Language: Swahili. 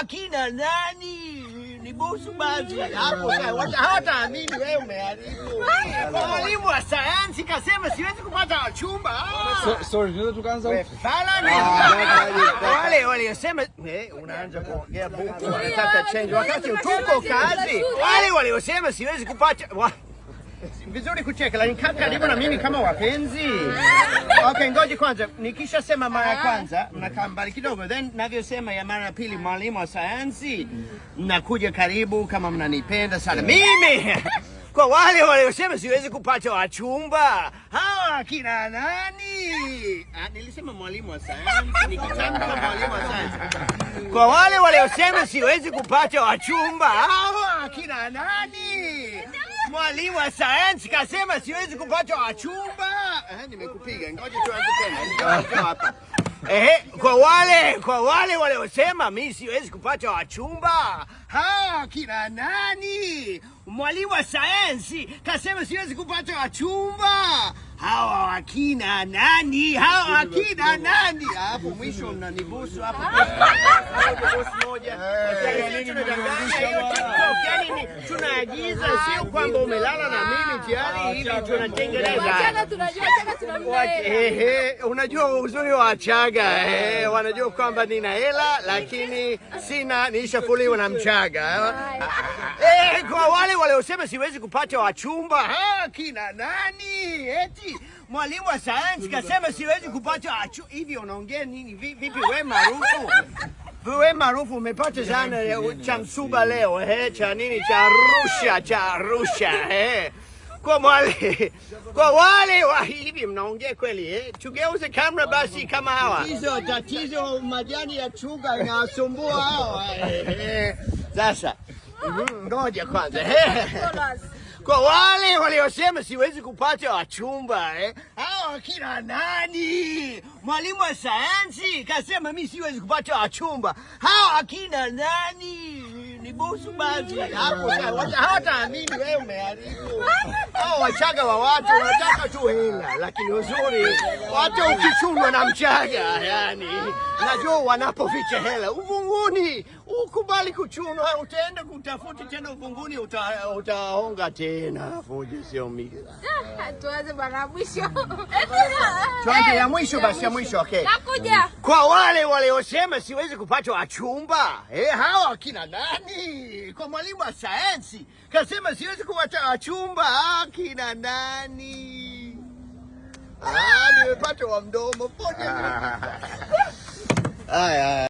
akina nani? Ni busu basi hapo, hata amini wewe. Umeharibu mwalimu wa sayansi, kasema siwezi kupata chumba. Sorry, ndio tukaanza huko ni wale ah, wale waliosema unaanza kuongea buku, unataka change wakati tuko kazi. Wale wale waliosema siwezi kupata vizuri kucheka, lakini kaa karibu na mimi kama wapenzi. Okay, ngoji kwanza, nikishasema mara ya kwanza mnakaa mbali kidogo, then navyosema ya mara ya pili, mwalimu wa sayansi, nakuja karibu kama mnanipenda sana mimi kwa wale waliosema siwezi kupata wachumba, hawa kina nani? Ah, nilisema mwalimu wa sayansi, nikitamka mwalimu wa sayansi. Kwa wale waliosema siwezi kupata wachumba, hawa kina nani? Mwalimu wa sayansi kasema siwezi kungoja wachumba. Eh, nimekupiga. Ngoja tuanze tena. Ah. Hapa. Eh, kwa wale kwa wale waliosema mimi siwezi kupata wachumba. Ha, kina nani? Mwalimu wa sayansi kasema siwezi kupata wachumba hawa wakina nani? Hawa wakina nani? Ah, hapo mwisho mnanibusu hapo bosi ah, ah, moja, yani tunaagiza, sio kwamba umelala na mimi tayari hivi tunatengeneza. Eh, eh, unajua uzuri wa Wachaga eh, wanajua kwamba nina hela lakini sina, niishafuliwa na Mchaga. Kwa wale waliosema siwezi kupata wachumba, kina nani eti Mwalimu wa sayansi kasema siwezi kupata achu. Ah, hivi unaongea nini? Vipi wewe maarufu? Wewe maarufu umepata sana cha msuba leo, eh, cha nini cha Arusha, cha Arusha, eh. Kwa mwali, kwa wale wa hivi mnaongea kweli eh? Tugeuze kamera basi kama hawa. Hizo tatizo majani ya chuga inasumbua hawa. Eh, eh. Sasa, ngoja kwanza. Eh. Kwa wale waliosema siwezi kupata wachumba eh? Hao akina nani? Mwalimu wa sayansi kasema mi siwezi kupata wachumba. Hao akina nani? Ni bosu basi hapo, hawataamini wewe. Umeharibu hao wachaga wa watu, wanataka tu hela, lakini uzuri, watu ukichunwa na mchaga, yani najua wanapoficha hela uvunguni, ukubali kuchunwa, utaenda kutafuta tena uvunguni, utaonga tena fuji, sio mingi. Tuanze bwana, mwisho tuanze ya mwisho basi, ya mwisho. Okay, nakuja kwa wale waliosema siwezi kupata wachumba. Eh, hawa akina nani? Kwa mwalimu wa sayansi kasema siwezi kupata wachumba, akina ah, nani? Ah, nimepata wa mdomo. Haya.